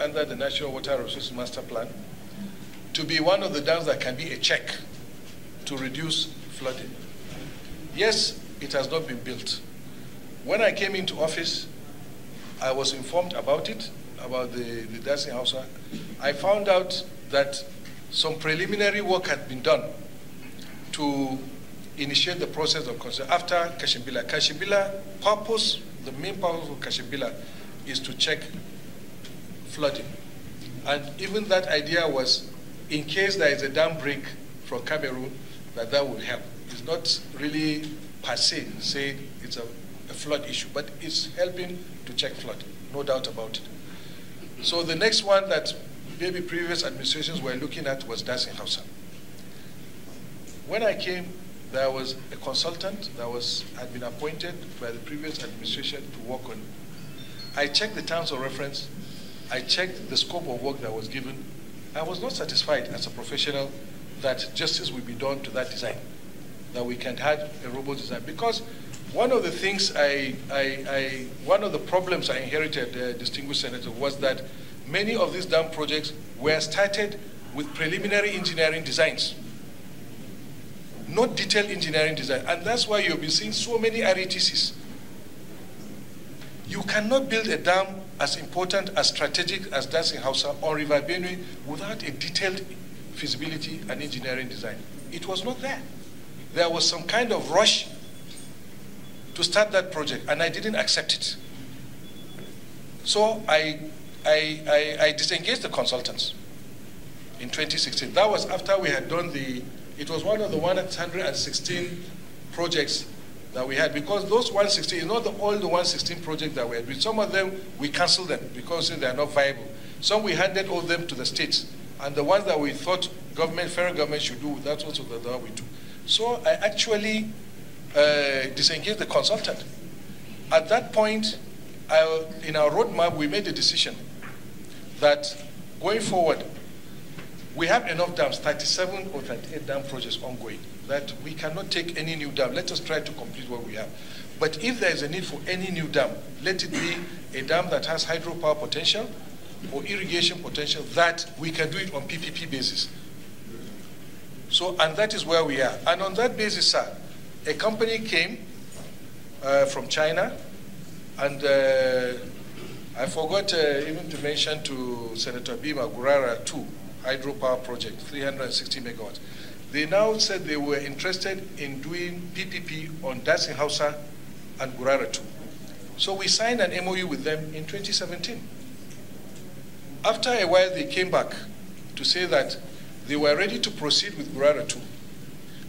under the National Water Resources Master Plan to be one of the dams that can be a check to reduce flooding. Yes, it has not been built. When I came into office, I was informed about it, about the, the dancing house. I found out that some preliminary work had been done to initiate the process of construction after Kashibila, Kashibila purpose, the main purpose of Kashibila is to check flooding. And even that idea was in case there is a dam break from Cameroon, that that would help. It's not really per se saying it's a, a flood issue, but it's helping to check flood, no doubt about it. So the next one that maybe previous administrations were looking at was Dassenhausen. When I came, there was a consultant that was had been appointed by the previous administration to work on. I checked the terms of reference I checked the scope of work that was given. I was not satisfied as a professional that justice will be done to that design, that we can have a robot design. Because one of the things I, I, I one of the problems I inherited, uh, distinguished senator, was that many of these dam projects were started with preliminary engineering designs, not detailed engineering design. And that's why you've been seeing so many RETCs. You cannot build a dam as important, as strategic as Dancing Hausa or River Benue without a detailed feasibility and engineering design. It was not there. There was some kind of rush to start that project, and I didn't accept it. So I, I, I, I disengaged the consultants in 2016. That was after we had done the, it was one of the 116 projects that we had because those 116 is not the, all the 116 projects that we had. With some of them, we canceled them because they are not viable. Some we handed all them to the states, and the ones that we thought government, federal government should do, that's also the that we do. So I actually uh, disengaged the consultant. At that point, I, in our roadmap, we made a decision that going forward, we have enough dams, 37 or 38 dam projects ongoing, that we cannot take any new dam. Let us try to complete what we have. But if there is a need for any new dam, let it be a dam that has hydropower potential or irrigation potential that we can do it on PPP basis. So, and that is where we are. And on that basis, sir, a company came uh, from China, and uh, I forgot uh, even to mention to Senator Bima Gurara too, hydropower project, 360 megawatts. They now said they were interested in doing PPP on Dasin and Gurara too. So we signed an MOU with them in 2017. After a while, they came back to say that they were ready to proceed with Gurara too,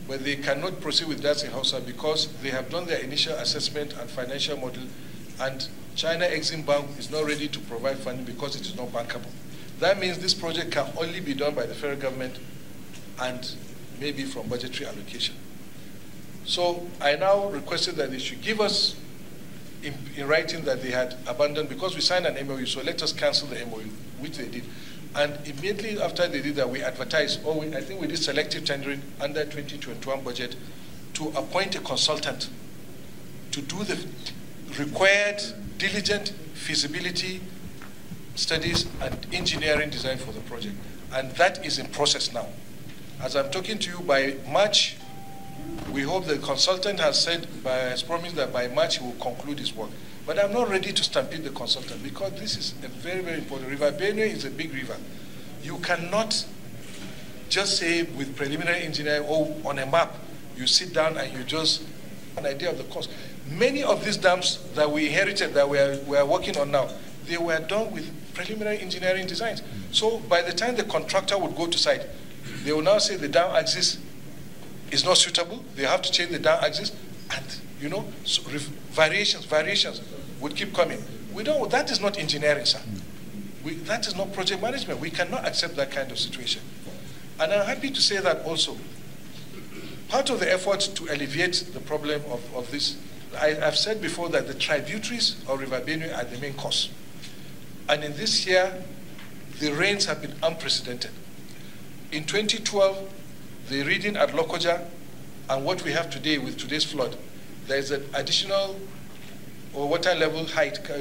but they cannot proceed with Dasin because they have done their initial assessment and financial model, and China Exim Bank is not ready to provide funding because it is not bankable. That means this project can only be done by the federal government and maybe from budgetary allocation. So I now requested that they should give us in, in, writing that they had abandoned because we signed an MOU, so let us cancel the MOU, which they did. And immediately after they did that, we advertised, Oh, we, I think we did selective tendering under 2021 budget to appoint a consultant to do the required diligent feasibility studies and engineering design for the project. And that is in process now. As I'm talking to you, by March, we hope the consultant has said, by, has promised that by March he will conclude his work. But I'm not ready to stampede the consultant because this is a very, very important river. Benue is a big river. You cannot just say with preliminary engineering or oh, on a map, you sit down and you just an idea of the cost. Many of these dams that we inherited, that we are, we are working on now, they were done with preliminary engineering designs. So by the time the contractor would go to site, they will now say the dam axis is not suitable. They have to change the dam axis, and you know so variations, variations would keep coming. We don't. That is not engineering, sir. We, that is not project management. We cannot accept that kind of situation. And I'm happy to say that also. Part of the effort to alleviate the problem of, of this, I, have said before that the tributaries of River Benue are the main cause. And in this year, the rains have been unprecedented. In 2012, the reading at Lokoja and what we have today with today's flood, there is an additional water level height, uh,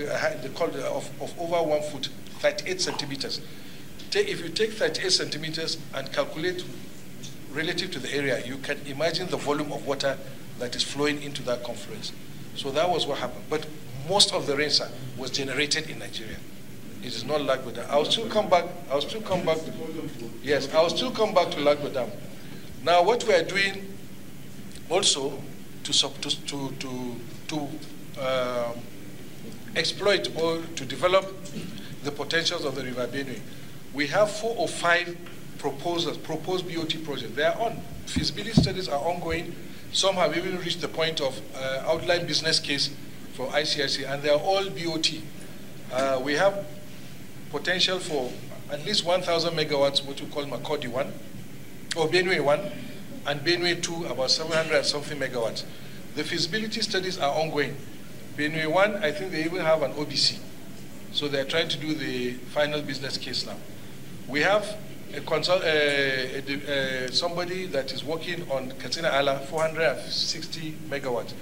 of, of over one foot, 38 centimeters. If you take 38 centimeters and calculate relative to the area, you can imagine the volume of water that is flowing into that confluence. So that was what happened. But most of the rain uh, was generated in Nigeria. It is not lagbadam. I will still come back. I will still come back. Yes, I will still come back to lagbadam. Now, what we are doing also to to to to um, exploit or to develop the potentials of the River Benue, we have four or five proposals, proposed BOT projects. They are on. Feasibility studies are ongoing. Some have even reached the point of uh, outline business case for ICIC, and they are all BOT. Uh, we have potential for at least 1,000 megawatts, what you call Makodi 1, or Benway 1, and Benway 2, about 700 something megawatts. The feasibility studies are ongoing. Benway 1, I think they even have an OBC. So they're trying to do the final business case now. We have a consult, uh, a, somebody that is working on Katina Ala, 460 megawatts.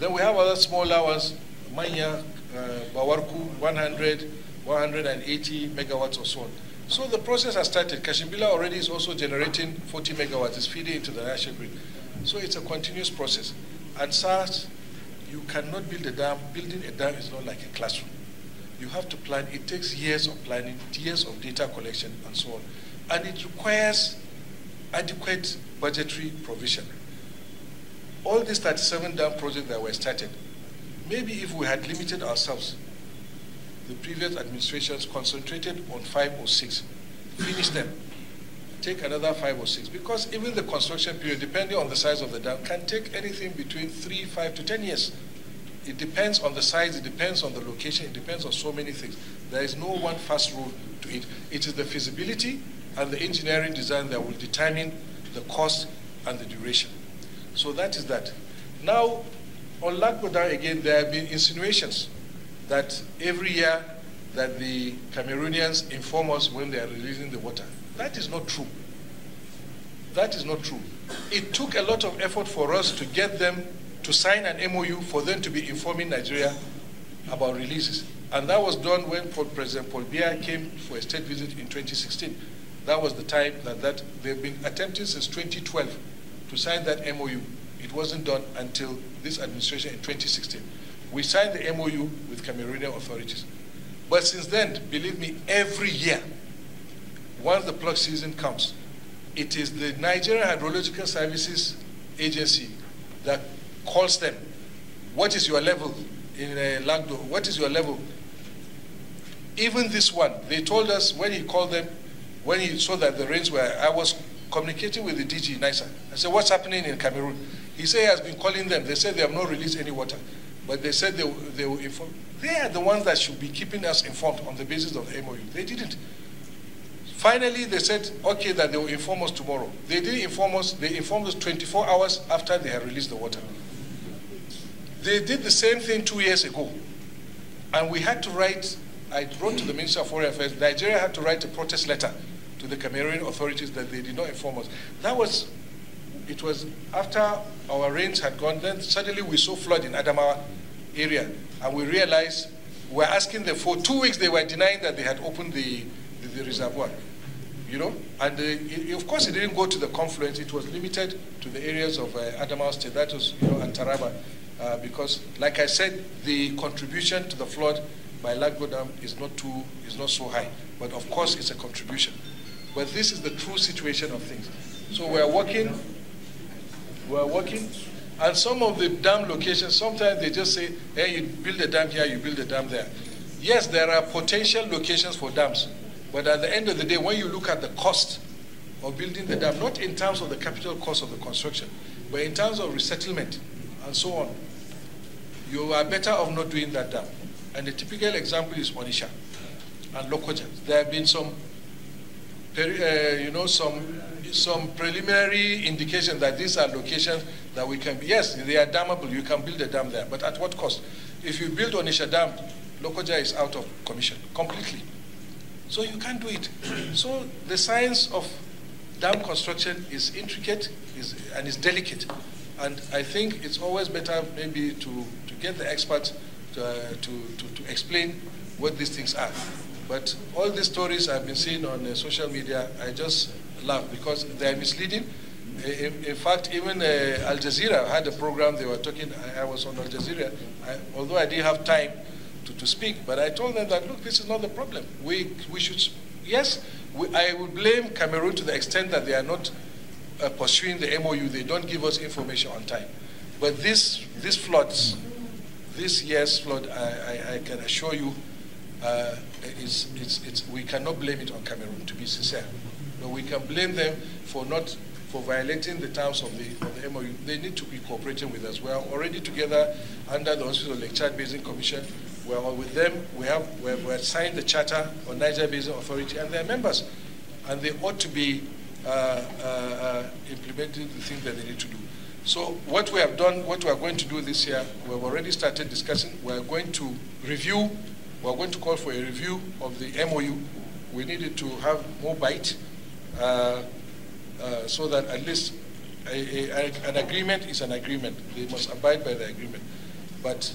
Then we have other small hours: Manya, uh, Bawarku, 100, 180 megawatts or so on. So the process has started. Kashimbila already is also generating 40 megawatts. It's feeding into the national grid. So it's a continuous process. And SARS, you cannot build a dam. Building a dam is not like a classroom. You have to plan. It takes years of planning, years of data collection, and so on. And it requires adequate budgetary provision. All these 37 dam projects that were started, maybe if we had limited ourselves the previous administrations concentrated on five or six. Finish them. Take another five or six. Because even the construction period, depending on the size of the dam, can take anything between three, five to ten years. It depends on the size, it depends on the location, it depends on so many things. There is no one fast rule to it. It is the feasibility and the engineering design that will determine the cost and the duration. So that is that. Now, on Lagbodan again, there have been insinuations that every year that the Cameroonians inform us when they are releasing the water. That is not true. That is not true. It took a lot of effort for us to get them to sign an MOU for them to be informing Nigeria about releases. And that was done when President Paul Biya came for a state visit in 2016. That was the time that, that they've been attempting since 2012 to sign that MOU. It wasn't done until this administration in 2016. We signed the MOU with Cameroonian authorities. But since then, believe me, every year, once the plug season comes, it is the Nigerian Hydrological Services Agency that calls them. What is your level in uh, Lagdo? What is your level? Even this one, they told us when he called them, when he saw that the rains were, I was communicating with the DG, NISA. I said, what's happening in Cameroon? He said he has been calling them. They said they have not released any water. But they said they, they were informed. They are the ones that should be keeping us informed on the basis of the MOU. They didn't. Finally, they said, okay, that they will inform us tomorrow. They didn't inform us. They informed us 24 hours after they had released the water. They did the same thing two years ago. And we had to write, I wrote to the Minister of Foreign Affairs, Nigeria had to write a protest letter to the Cameroon authorities that they did not inform us. That was it was after our rains had gone, then suddenly we saw flood in Adamawa area, and we realized we were asking them for two weeks, they were denying that they had opened the, the, the reservoir. You know, and uh, it, of course it didn't go to the confluence. It was limited to the areas of uh, Adamawa State, that was, you know, Antaraba, uh, because, like I said, the contribution to the flood by Lagos Dam is not too, is not so high. But of course, it's a contribution. But this is the true situation of things. So we are working are working. And some of the dam locations, sometimes they just say, hey, you build a dam here, you build a dam there. Yes, there are potential locations for dams. But at the end of the day, when you look at the cost of building the dam, not in terms of the capital cost of the construction, but in terms of resettlement and so on, you are better off not doing that dam. And the typical example is Onisha and Lokoja. There have been some, uh, you know, some some preliminary indication that these are locations that we can, yes, they are dammable, you can build a dam there, but at what cost? If you build Onisha Dam, Lokoja is out of commission completely. So you can't do it. so the science of dam construction is intricate is, and is delicate. And I think it's always better maybe to, to get the experts to, uh, to, to, to explain what these things are. But all these stories I've been seeing on uh, social media, I just because they are misleading. Eh, in, in fact, even uh, Al Jazeera had a program they were talking. I, I was on Al Jazeera, I, although I didn't have time to, to speak. But I told them that, look, this is not the problem. We, we should, yes, we, I would blame Cameroon to the extent that they are not uh, pursuing the MOU. They don't give us information on time. But this, this floods, this year's flood, I, I, I can assure you, uh, it's, it's, it's, we cannot blame it on Cameroon, to be sincere but we can blame them for not for violating the terms of the, of the MOU. They need to be cooperating with us. We are already together under the Hospital Lake Chad Basin Commission. We are with them. We have we have, we have signed the charter on Niger Basin Authority, and they are members, and they ought to be uh, uh, uh implementing the things that they need to do. So what we have done, what we are going to do this year, we have already started discussing. We are going to review. We are going to call for a review of the MOU. We needed to have more bite uh, uh, so that at least a, a, an agreement is an agreement. They must abide by the agreement. But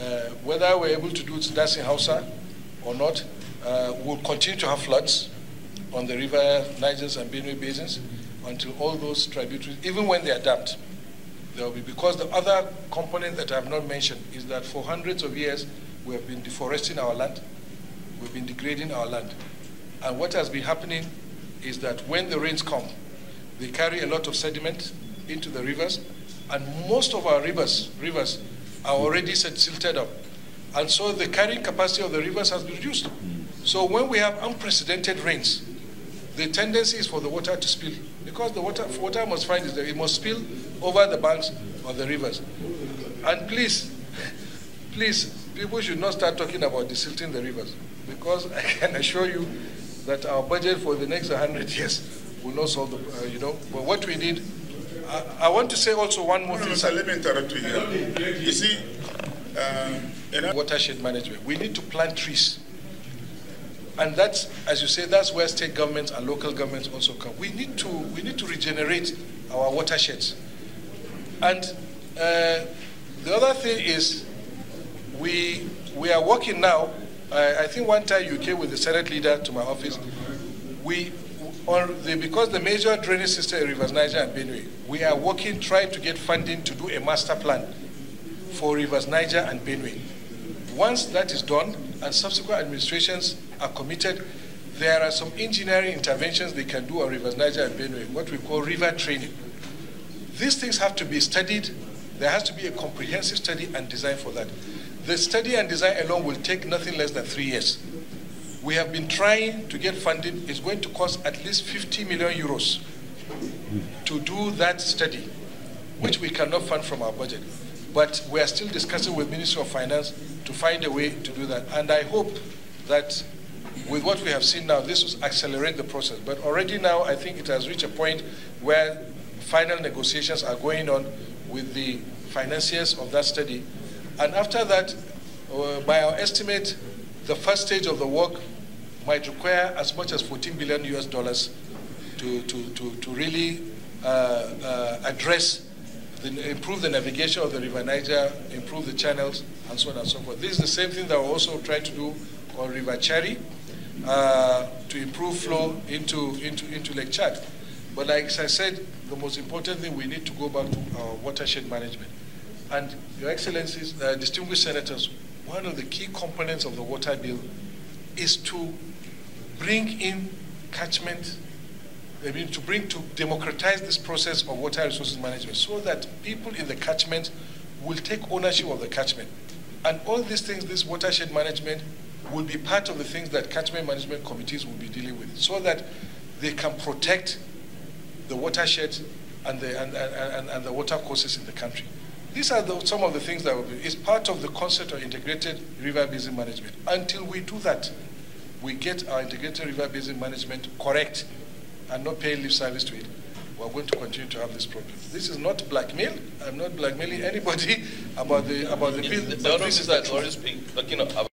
uh, whether we're able to do that in Hausa or not, uh, we'll continue to have floods on the river Niger's and Benue basins until all those tributaries, even when they adapt, there will be. Because the other component that I have not mentioned is that for hundreds of years, we have been deforesting our land, we've been degrading our land. And what has been happening is that when the rains come, they carry a lot of sediment into the rivers, and most of our rivers, rivers are already silted up. And so the carrying capacity of the rivers has been reduced. So when we have unprecedented rains, the tendency is for the water to spill because the water, water must find is it must spill over the banks of the rivers. And please, please, people should not start talking about desilting the rivers because I can assure you that our budget for the next 100 years will not solve the, uh, you know, but what we did, I, I want to say also one more no, thing. No, sir, let me interrupt you here. You see, um, watershed management, we need to plant trees. And that's, as you say, that's where state governments and local governments also come. We need to, we need to regenerate our watersheds. And uh, the other thing is, we, we are working now I, I think one time you came with the Senate leader to my office. We, on the, because the major drainage system in Rivers Niger and Benue, we are working, trying to get funding to do a master plan for Rivers Niger and Benue. Once that is done and subsequent administrations are committed, there are some engineering interventions they can do on Rivers Niger and Benue, what we call river training. These things have to be studied. There has to be a comprehensive study and design for that. The study and design alone will take nothing less than three years. We have been trying to get funding. It's going to cost at least 50 million euros to do that study, which we cannot fund from our budget. But we are still discussing with Ministry of Finance to find a way to do that. And I hope that with what we have seen now, this will accelerate the process. But already now, I think it has reached a point where final negotiations are going on with the financiers of that study and after that, uh, by our estimate, the first stage of the work might require as much as 14 billion US dollars to, to, to, to really uh, uh, address, the, improve the navigation of the River Niger, improve the channels, and so on and so forth. This is the same thing that we're also trying to do on River Chari uh, to improve flow into, into, into Lake Chad. But like I said, the most important thing we need to go back to our watershed management. And Your Excellencies, uh, distinguished senators, one of the key components of the water bill is to bring in catchment, I mean to bring to democratize this process of water resources management so that people in the catchment will take ownership of the catchment. And all these things, this watershed management, will be part of the things that catchment management committees will be dealing with so that they can protect the watershed and the, and, and, and, and the water courses in the country. These are the, some of the things that is part of the concept of integrated river basin management. Until we do that, we get our integrated river basin management correct and not pay lip service to it, we're going to continue to have this problem. This is not blackmail. I'm not blackmailing anybody about the about the bill. The, the, the, the, the, the, the, the,